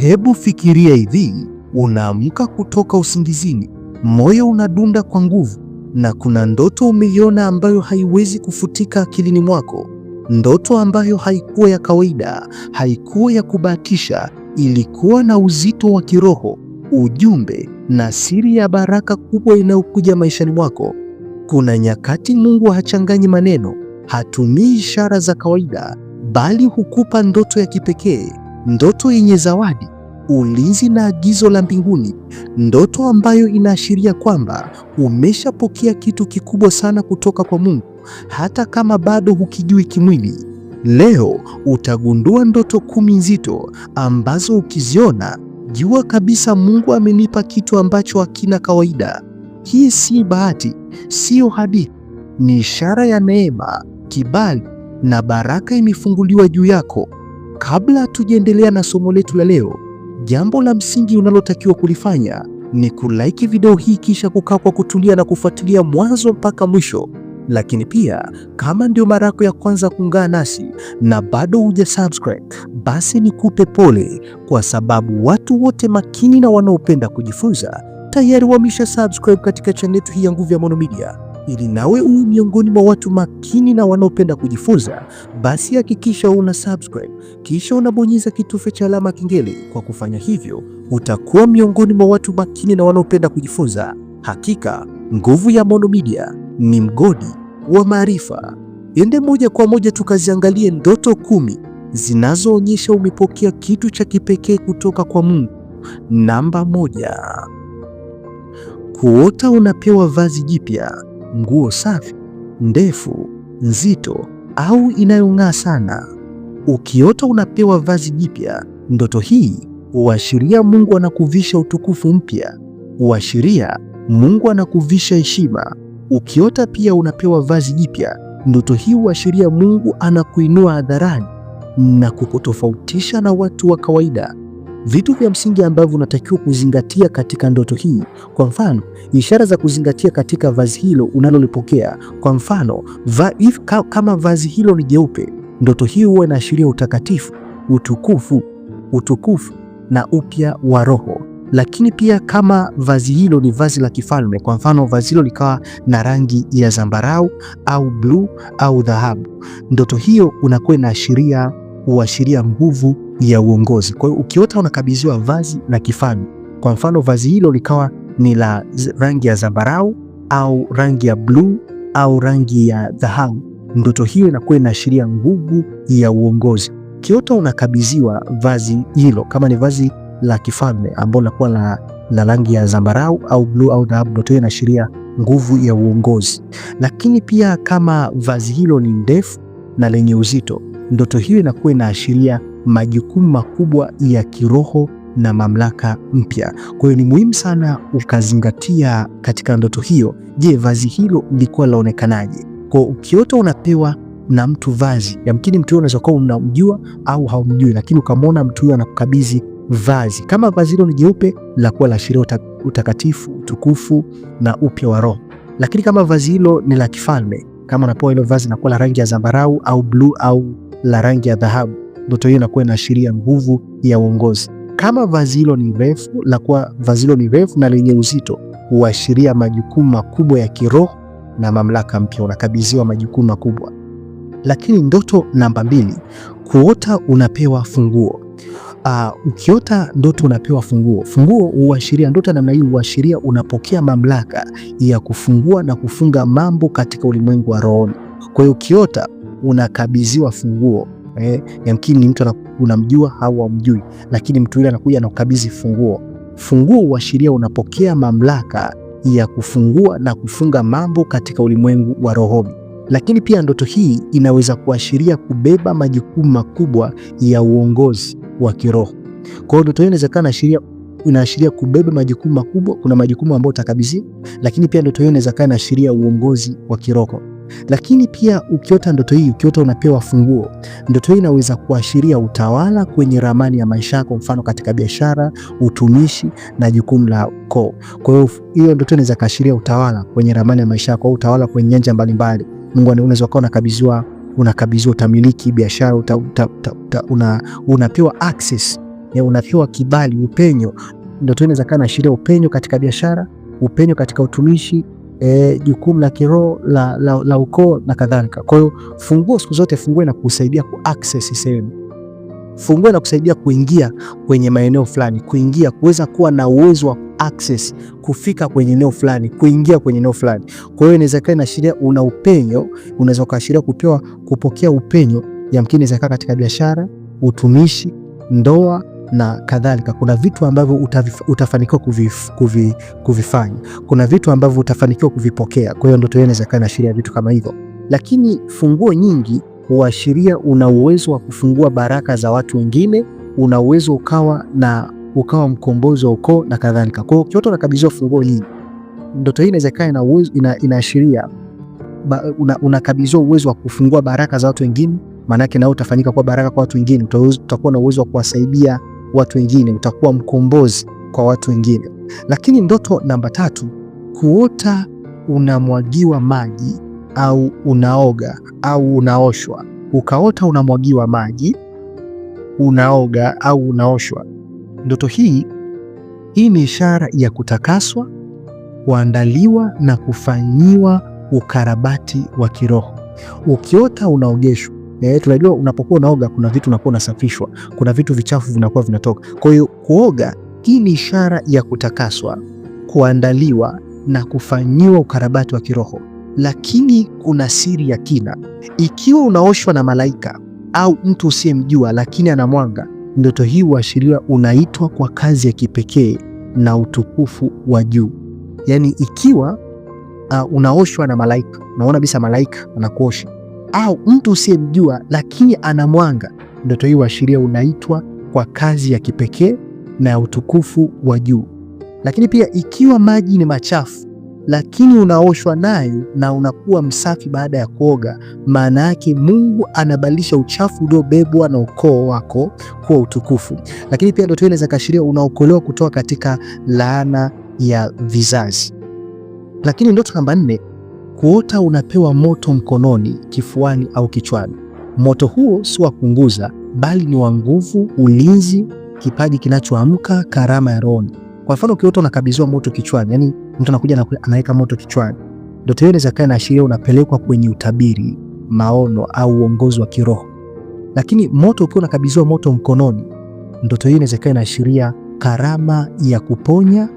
Hebu fikiria hivi, unaamka kutoka usingizini, moyo unadunda kwa nguvu, na kuna ndoto umeiona ambayo haiwezi kufutika akilini mwako, ndoto ambayo haikuwa ya kawaida, haikuwa ya kubahatisha, ilikuwa na uzito wa kiroho, ujumbe na siri ya baraka kubwa inayokuja maishani mwako. Kuna nyakati Mungu hachanganyi maneno, hatumii ishara za kawaida, bali hukupa ndoto ya kipekee ndoto yenye zawadi, ulinzi na agizo la mbinguni, ndoto ambayo inaashiria kwamba umeshapokea kitu kikubwa sana kutoka kwa Mungu, hata kama bado hukijui kimwili. Leo utagundua ndoto kumi nzito ambazo ukiziona, jua kabisa Mungu amenipa kitu ambacho hakina kawaida. Hii si bahati, siyo hadithi, ni ishara ya neema, kibali na baraka imefunguliwa juu yako. Kabla tujaendelea na somo letu la leo, jambo la msingi unalotakiwa kulifanya ni kulaiki video hii kisha kukaa kwa kutulia na kufuatilia mwanzo mpaka mwisho. Lakini pia kama ndio mara yako ya kwanza kuungana nasi na bado huja subscribe, basi nikupe pole, kwa sababu watu wote makini na wanaopenda kujifunza tayari wamesha subscribe katika channel yetu hii ya Nguvu ya Maono Media ili nawe uwe miongoni mwa watu makini na wanaopenda kujifunza, basi hakikisha una subscribe kisha unabonyeza kitufe cha alama kengele. Kwa kufanya hivyo, utakuwa miongoni mwa watu makini na wanaopenda kujifunza. Hakika nguvu ya Maono Media ni mgodi wa maarifa. Ende moja kwa moja tukaziangalie ndoto kumi zinazoonyesha umepokea kitu cha kipekee kutoka kwa Mungu. Namba moja: kuota unapewa vazi jipya nguo safi ndefu nzito au inayong'aa sana. Ukiota unapewa vazi jipya, ndoto hii huashiria Mungu anakuvisha utukufu mpya, huashiria Mungu anakuvisha heshima. Ukiota pia unapewa vazi jipya, ndoto hii huashiria Mungu anakuinua hadharani na kukutofautisha na watu wa kawaida vitu vya msingi ambavyo unatakiwa kuzingatia katika ndoto hii. Kwa mfano, ishara za kuzingatia katika vazi hilo unalolipokea. Kwa mfano, va, if, kama vazi hilo ni jeupe, ndoto hii huwa inaashiria utakatifu, utukufu, utukufu na upya wa roho. Lakini pia kama vazi hilo ni vazi la kifalme, kwa mfano vazi hilo likawa na rangi ya zambarau au bluu au dhahabu, ndoto hiyo unakuwa inaashiria huashiria nguvu ya uongozi. Kwa hiyo ukiota unakabidhiwa vazi la kifalme, kwa mfano vazi hilo likawa ni la rangi ya zambarau au rangi ya bluu au rangi ya dhahabu, ndoto hiyo inakuwa inaashiria nguvu ya uongozi. Ukiota unakabidhiwa vazi hilo, kama ni vazi la kifalme ambalo linakuwa la la rangi ya zambarau au bluu au dhahabu, ndoto hiyo inaashiria nguvu ya uongozi. Lakini pia kama vazi hilo ni ndefu na lenye uzito ndoto hiyo inakuwa inaashiria majukumu makubwa ya kiroho na mamlaka mpya. Kwa hiyo ni muhimu sana ukazingatia katika ndoto hiyo. Je, vazi hilo lilikuwa laonekanaje? Kwa ukiota unapewa na mtu vazi, yamkini mtu huyo unaweza kuwa unamjua au haumjui, lakini ukamwona mtu huyo anakukabidhi vazi, kama vazi hilo ni jeupe, lakuwa laashiria utakatifu, utukufu na upya wa roho. Lakini kama vazi hilo ni la kifalme, kama unapewa hilo vazi, linakuwa la rangi ya zambarau au bluu au la rangi ya dhahabu. Ndoto hiyo inakuwa inaashiria nguvu ya uongozi. Kama vazi hilo ni refu, la kuwa vazi hilo ni refu na lenye uzito, huashiria majukumu makubwa ya kiroho na mamlaka mpya. Unakabidhiwa majukumu makubwa. Lakini ndoto namba mbili, kuota unapewa funguo. Uh, ukiota ndoto unapewa funguo. Funguo huashiria ndoto namna hii huashiria unapokea mamlaka ya kufungua na kufunga mambo katika ulimwengu wa rohoni. Kwa hiyo ukiota unakabidhiwa funguo eh, yamkini mtu unamjua au amjui, lakini mtu yule anakuja anakabidhi funguo. Funguo huashiria unapokea mamlaka ya kufungua na kufunga mambo katika ulimwengu wa rohoni. Lakini pia ndoto hii inaweza kuashiria kubeba majukumu makubwa ya uongozi wa kiroho. Kwa hiyo ndoto hii inawezekana inaashiria inaashiria kubeba majukumu makubwa. Kuna majukumu ambayo utakabidhiwa, lakini pia ndoto hiyo inaweza kuwa inaashiria uongozi wa kiroho. Lakini pia ukiota ndoto hii, ukiota unapewa funguo, ndoto hii inaweza kuashiria utawala kwenye ramani ya maisha yako, mfano katika biashara, utumishi na jukumu la ko Kwa hiyo hiyo ndoto inaweza kaashiria utawala kwenye ramani ya maisha yako utawala kwenye nyanja mbalimbali. Mungu anaweza kuwa unakabidhiwa unakabidhiwa utamiliki biashara uta, uta, uta, uta, una, unapewa access ya unapewa kibali, upenyo. Ndoto inaweza kana ashiria upenyo katika biashara, upenyo katika utumishi E, jukumu e, la kiroho la, la, la ukoo na kadhalika. Kwa hiyo funguo siku zote, funguo inakusaidia kuaccess sehemu, funguo inakusaidia kuingia kwenye maeneo fulani, kuingia kuweza kuwa na uwezo wa access kufika kwenye eneo fulani, kuingia kwenye eneo fulani. Kwa hiyo inaweza kaa inaashiria una upenyo, unaweza kaashiria kupewa, kupokea upenyo, yamkini inaweza kaa katika biashara, utumishi, ndoa na kadhalika. Kuna vitu ambavyo utafanikiwa kuvif, kuvi, kuvifanya, kuna vitu ambavyo utafanikiwa kuvipokea. Kwa hiyo ndoto hiyo inaweza kuwa inaashiria vitu kama hivyo, lakini funguo nyingi huashiria una uwezo wa kufungua baraka za watu wengine, una uwezo ukawa na ukawa mkombozi wa ukoo na kadhalika. Kwa hiyo ukiota unakabidhiwa funguo nyingi, ndoto hii inaweza kuwa ina ina, inaashiria unakabidhiwa una uwezo wa kufungua baraka za watu wengine, maanake nao utafanyika kuwa baraka kwa watu wengine. Utakuwa na uwezo wa kuwasaidia watu wengine, utakuwa mkombozi kwa watu wengine. Lakini ndoto namba tatu, kuota unamwagiwa maji au unaoga au unaoshwa. Ukaota unamwagiwa maji, unaoga au unaoshwa, ndoto hii hii ni ishara ya kutakaswa, kuandaliwa na kufanyiwa ukarabati wa kiroho. Ukiota unaogeshwa eh, tunajua unapokuwa unaoga kuna vitu unakuwa unasafishwa, kuna vitu vichafu vinakuwa vinatoka. Kwa hiyo kuoga hii ni ishara ya kutakaswa, kuandaliwa na kufanyiwa ukarabati wa kiroho. Lakini kuna siri ya kina. Ikiwa unaoshwa na malaika au mtu usiyemjua, lakini ana mwanga, ndoto hii huashiriwa unaitwa kwa kazi ya kipekee na utukufu wa juu. Yaani, ikiwa uh, unaoshwa na malaika, unaona kabisa malaika anakuosha au mtu usiyemjua lakini ana mwanga, ndoto hii huashiria unaitwa kwa kazi ya kipekee na ya utukufu wa juu. Lakini pia ikiwa maji ni machafu lakini unaoshwa nayo na unakuwa msafi baada ya kuoga, maana yake Mungu anabadilisha uchafu uliobebwa na ukoo wako kuwa utukufu. Lakini pia ndoto inaweza kashiria unaokolewa kutoka katika laana ya vizazi. Lakini ndoto namba nne Kuota unapewa moto mkononi, kifuani au kichwani. Moto huo si wa kuunguza, bali ni wa nguvu, ulinzi, kipaji kinachoamka, karama ya roho. Kwa mfano, ukiota unakabidhiwa moto kichwani, yani mtu anakuja anaweka moto kichwani, ndoto hiyo inaweza kuwa inaashiria unapelekwa kwenye utabiri, maono au uongozi wa kiroho. Lakini moto ukiwa unakabidhiwa moto mkononi, ndoto hiyo inaweza kuwa inaashiria karama ya kuponya,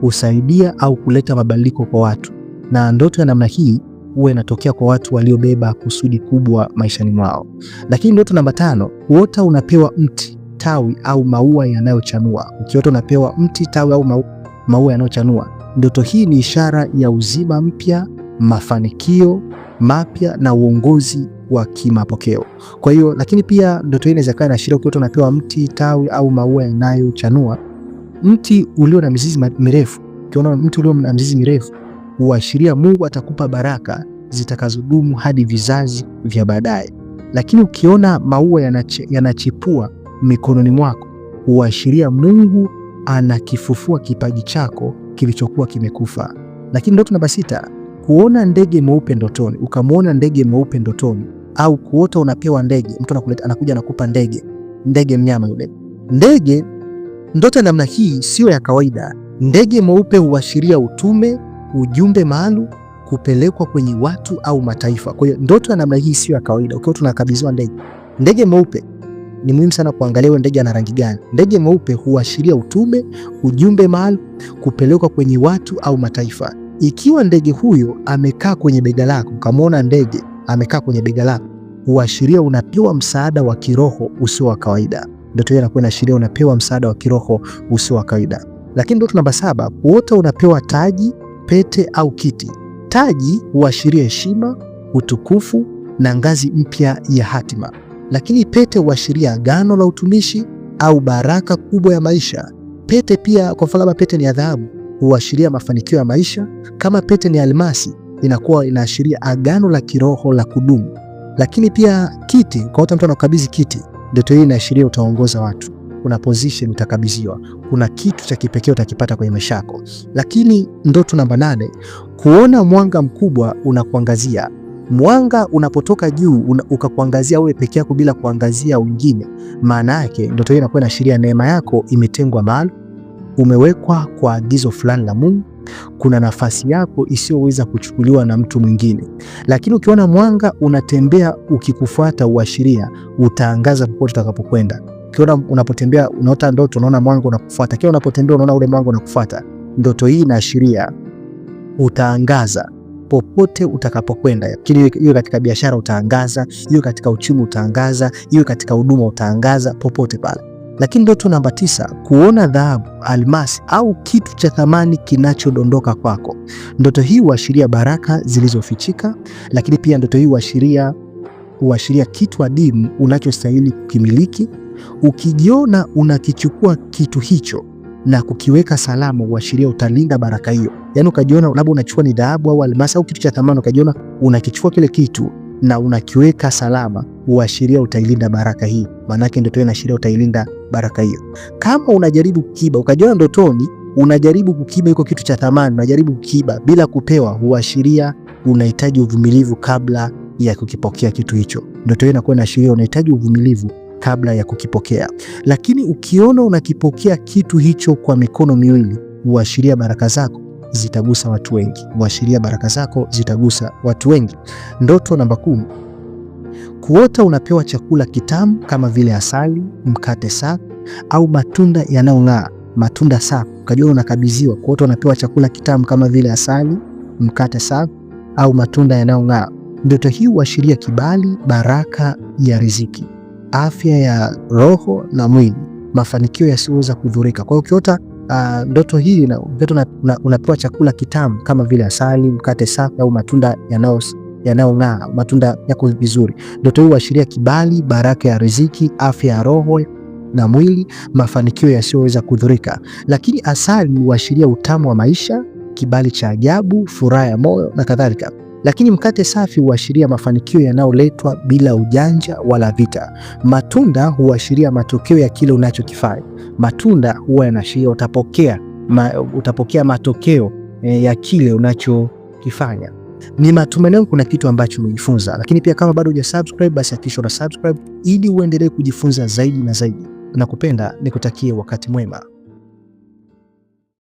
kusaidia au kuleta mabadiliko kwa watu na ndoto ya namna hii huwa inatokea kwa watu waliobeba kusudi kubwa maishani mwao. Lakini ndoto namba tano, huota unapewa mti, tawi au maua yanayochanua. Ukiota unapewa mti, tawi au maua, maua yanayochanua, ndoto hii ni ishara ya uzima mpya, mafanikio mapya na uongozi wa kimapokeo. Kwa hiyo, lakini pia ndoto hii inaweza kuwa inaashiria ukiota unapewa mti, tawi au maua yanayochanua, mti ulio na mizizi mirefu. Ukiona mti ulio na mizizi mirefu huashiria Mungu atakupa baraka zitakazodumu hadi vizazi vya baadaye. Lakini ukiona maua yanachipua mikononi mwako, huashiria Mungu anakifufua kipaji chako kilichokuwa kimekufa. Lakini ndoto namba sita, kuona ndege mweupe ndotoni. Ukamwona ndege mweupe ndotoni au kuota unapewa ndege, mtu anakuleta, anakuja anakupa ndege, ndege mnyama yule. Ndege, ndoto ya namna hii siyo ya kawaida. Ndege mweupe huashiria utume, ujumbe maalum kupelekwa kwenye watu au mataifa. Kwa hiyo ndoto ya namna hii sio ya kawaida. Ukiwa tunakabidhiwa ndege, ndege mweupe ni muhimu sana kuangalia ndege ana rangi gani. Ndege mweupe huashiria utume, ujumbe maalum kupelekwa kwenye watu au mataifa. Ikiwa ndege huyo amekaa kwenye bega lako, kamaona ndege amekaa kwenye bega lako, huashiria unapewa msaada wa kiroho usio wa kawaida. Ndoto hiyo inakuwa inaashiria unapewa msaada wa kiroho usio wa kawaida. Lakini ndoto namba saba, huota unapewa taji pete au kiti. Taji huashiria heshima, utukufu na ngazi mpya ya hatima, lakini pete huashiria agano la utumishi au baraka kubwa ya maisha. Pete pia, kwa mfano, pete ni ya dhahabu huashiria mafanikio ya maisha. Kama pete ni almasi, inakuwa inaashiria agano la kiroho la kudumu. Lakini pia kiti, kwa mtu anakabidhi kiti, ndoto hii inaashiria utaongoza watu kuna position utakabidhiwa, kuna kitu cha kipekee utakipata kwenye maisha yako. Lakini ndoto namba nane, kuona mwanga mkubwa unakuangazia. Mwanga unapotoka juu una, ukakuangazia wewe peke yako bila kuangazia wengine, maana yake ndoto hiyo inakuwa inaashiria neema yako imetengwa maalum, umewekwa kwa agizo fulani la Mungu kuna nafasi yako isiyoweza kuchukuliwa na mtu mwingine. Lakini ukiona mwanga unatembea ukikufuata, uashiria utaangaza popote utakapokwenda. Kila unapotembea unaota ndoto, unaona mwanga unakufuata. Kila unapotembea unaona ule mwanga unakufuata. Ndoto hii inaashiria utaangaza popote utakapokwenda, lakini hiyo katika biashara utaangaza, hiyo katika uchumi utaangaza, hiyo katika huduma utaangaza, popote pale. Lakini ndoto namba tisa, kuona dhahabu, almasi au kitu cha thamani kinachodondoka kwako. Ndoto hii huashiria baraka zilizofichika, lakini pia ndoto hii huashiria huashiria kitu adimu unachostahili kukimiliki Ukijiona unakichukua kitu hicho na kukiweka salama, uashiria utalinda baraka hiyo. Yani ukajiona labda unachukua ni dhahabu au almasi au kitu cha thamani, ukajiona unakichukua kile kitu na unakiweka salama, uashiria utailinda baraka hii. Maanake ndoto inaashiria utailinda baraka hiyo. Kama unajaribu kukiba, ukajiona ndotoni unajaribu kukiba iko kitu cha thamani, unajaribu kukiba bila kupewa, huashiria unahitaji uvumilivu kabla ya kukipokea kitu hicho. Ndoto hiyo inakuwa inaashiria unahitaji uvumilivu kabla ya kukipokea. Lakini ukiona unakipokea kitu hicho kwa mikono miwili, huashiria baraka zako zitagusa watu wengi, huashiria baraka zako zitagusa watu wengi. Ndoto namba kumi: kuota unapewa chakula kitamu kama vile asali, mkate safi au matunda yanayong'aa, matunda safi. Ukajua unakabidhiwa, kuota unapewa chakula kitamu kama vile asali, mkate safi au matunda yanayong'aa. Ndoto hii huashiria kibali, baraka ya riziki afya ya roho na mwili, mafanikio yasiweza kudhurika. Kwa hiyo ukiota uh, ndoto hii na, una, una chakula kitamu kama vile asali, mkate safi au matunda yanayong'aa, matunda yako vizuri. Ndoto hii huashiria kibali, baraka ya riziki, afya ya roho na mwili, mafanikio yasiyoweza kudhurika. Lakini asali huashiria utamu wa maisha, kibali cha ajabu, furaha ya moyo na kadhalika. Lakini mkate safi huashiria mafanikio yanayoletwa bila ujanja wala vita. Matunda huashiria matokeo ya kile unachokifanya. Matunda huwa yanaashiria utapokea, ma, utapokea matokeo e, ya kile unachokifanya. Ni matumaini kuna kitu ambacho umejifunza, lakini pia kama bado hujasubscribe, basi hakikisha una subscribe ili uendelee kujifunza zaidi na zaidi. Nakupenda, nikutakie wakati mwema.